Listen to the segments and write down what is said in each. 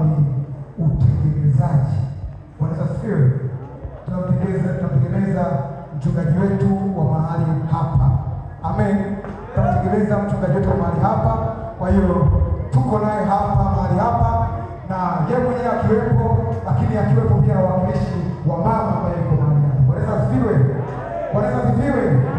ambao ni utengenezaji. Bwana asifiwe. Tunamtegemeza mchungaji wetu wa mahali hapa, amen. Tunamtegemeza mchungaji wetu wa mahali hapa, kwa hiyo tuko naye hapa mahali hapa na yeye mwenyewe akiwepo, lakini akiwepo pia na wawakilishi wa mama ambaye yuko mahali hapa. Bwana asifiwe. Bwana asifiwe.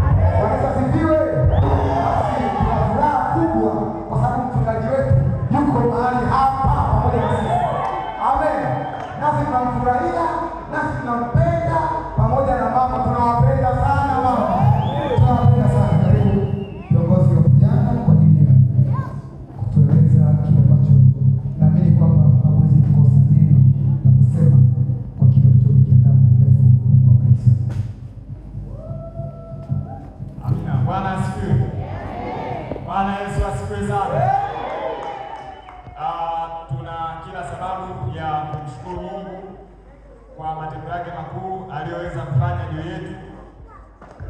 tunafanya ndio yetu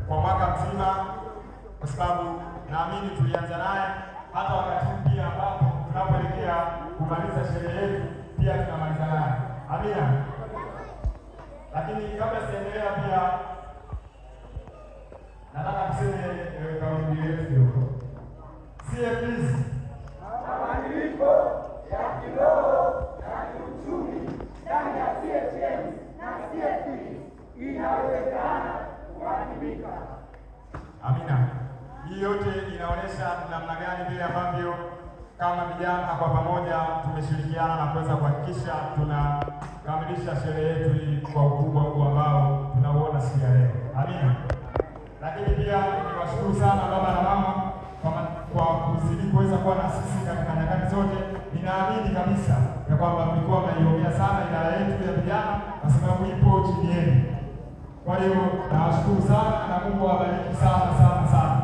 kwa mwaka mzima, kwa sababu naamini tulianza naye hata wakati pia ambapo tunapoelekea kumaliza sherehe yetu pia tunamaliza naye. Amina. Lakini kabla sijaendelea, pia nataka kuseme eh, kauli yetu CFDs kwa pamoja tumeshirikiana na kuweza kuhakikisha tunakamilisha sherehe yetu hii kwa ukubwa huu ambao tunauona siku ya leo. Amina. Lakini pia niwashukuru sana baba na mama kwa kuzidi kuweza kuwa na sisi katika nyakati zote. Ninaamini kabisa ya kwamba mlikuwa mnaiombea sana idara yetu ya vijana kwa sababu ipo chini yenu. Kwa hiyo nawashukuru sana na Mungu awabariki sana sana sana,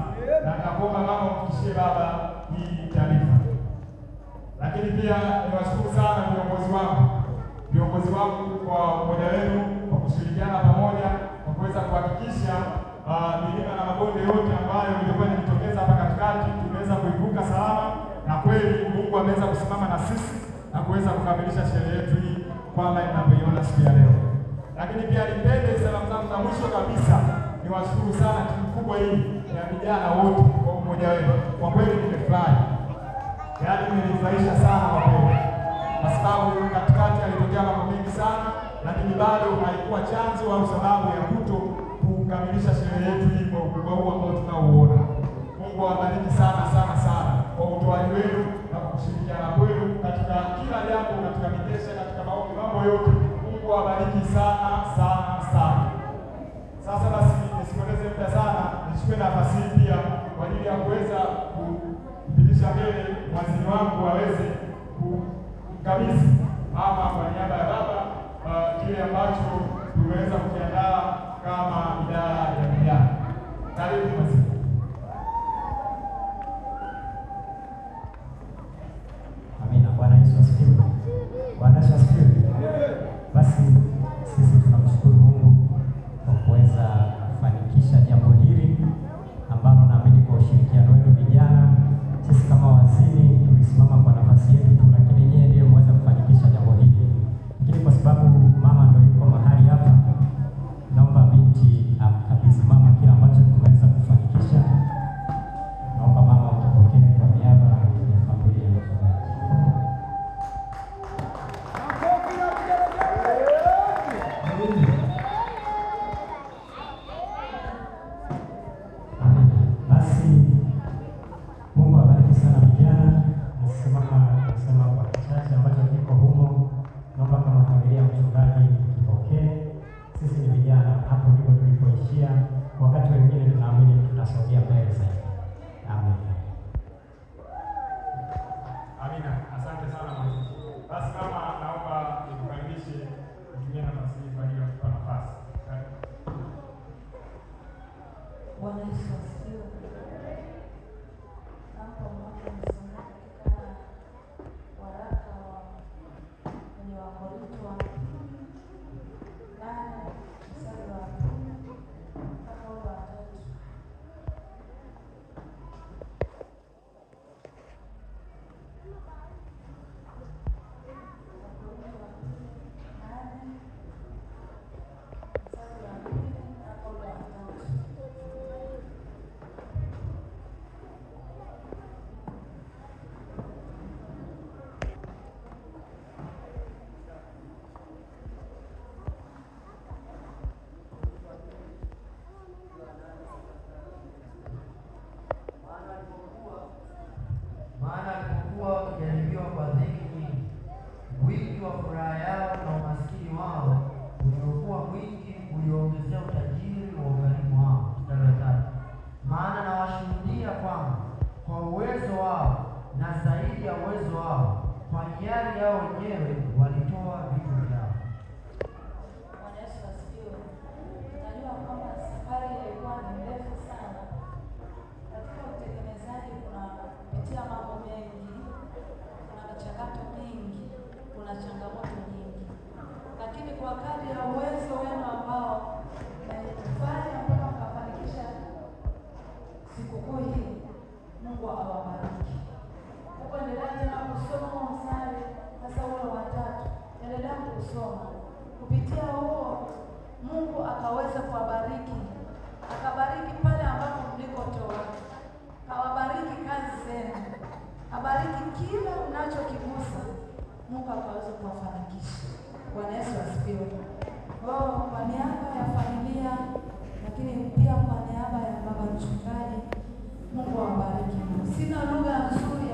na nakuomba mama mkishie baba hii pia niwashukuru sana viongozi wangu viongozi wangu kwa umoja wenu, kwa kushirikiana pamoja kwa kuweza kuhakikisha ah, milima na mabonde yote ambayo ilikuwa inajitokeza hapa katikati tumeweza kuivuka salama, na kweli Mungu ameweza kusimama na sisi na kuweza kukamilisha sherehe yetu hii kwamba inavyoiona siku ya leo. Lakini pia nipende salamu zangu za mwisho kabisa niwashukuru sana timu kubwa hii ya vijana wote kwa umoja wenu, kwa kweli nimefurahi yaani imenifurahisha sana kwa kwa sababu katikati alitokea mambo mengi sana, lakini bado haikuwa chanzo au sababu ya kuto kukamilisha sherehe yetu hii kwa ukubwa huu ambao tunauona. Mungu awabariki sana sana sana kwa utoaji wenu na kwa kushirikiana kwenu katika kila jambo, katika mikesha, katika maombi, mambo yote. Mungu awabariki sana sana sana. Sasa basi nisikoteze muda sana, nichukue nafasi hii pia kwa ajili ya kuweza msamehe waziri wangu waweze kumkabidhi ama kwa niaba ya baba kile ambacho tuliweza kukiandaa Mungu akaweza kuwabariki, akabariki pale ambapo mlikotoa, kawabariki kazi zenu, abariki kila mnachokigusa, Mungu akaweza kuwafanikisha. Bwana Yesu asifiwe. Oh, kwa niaba ya familia lakini pia kwa niaba ya baba mchungaji, Mungu awabariki. Sina lugha nzuri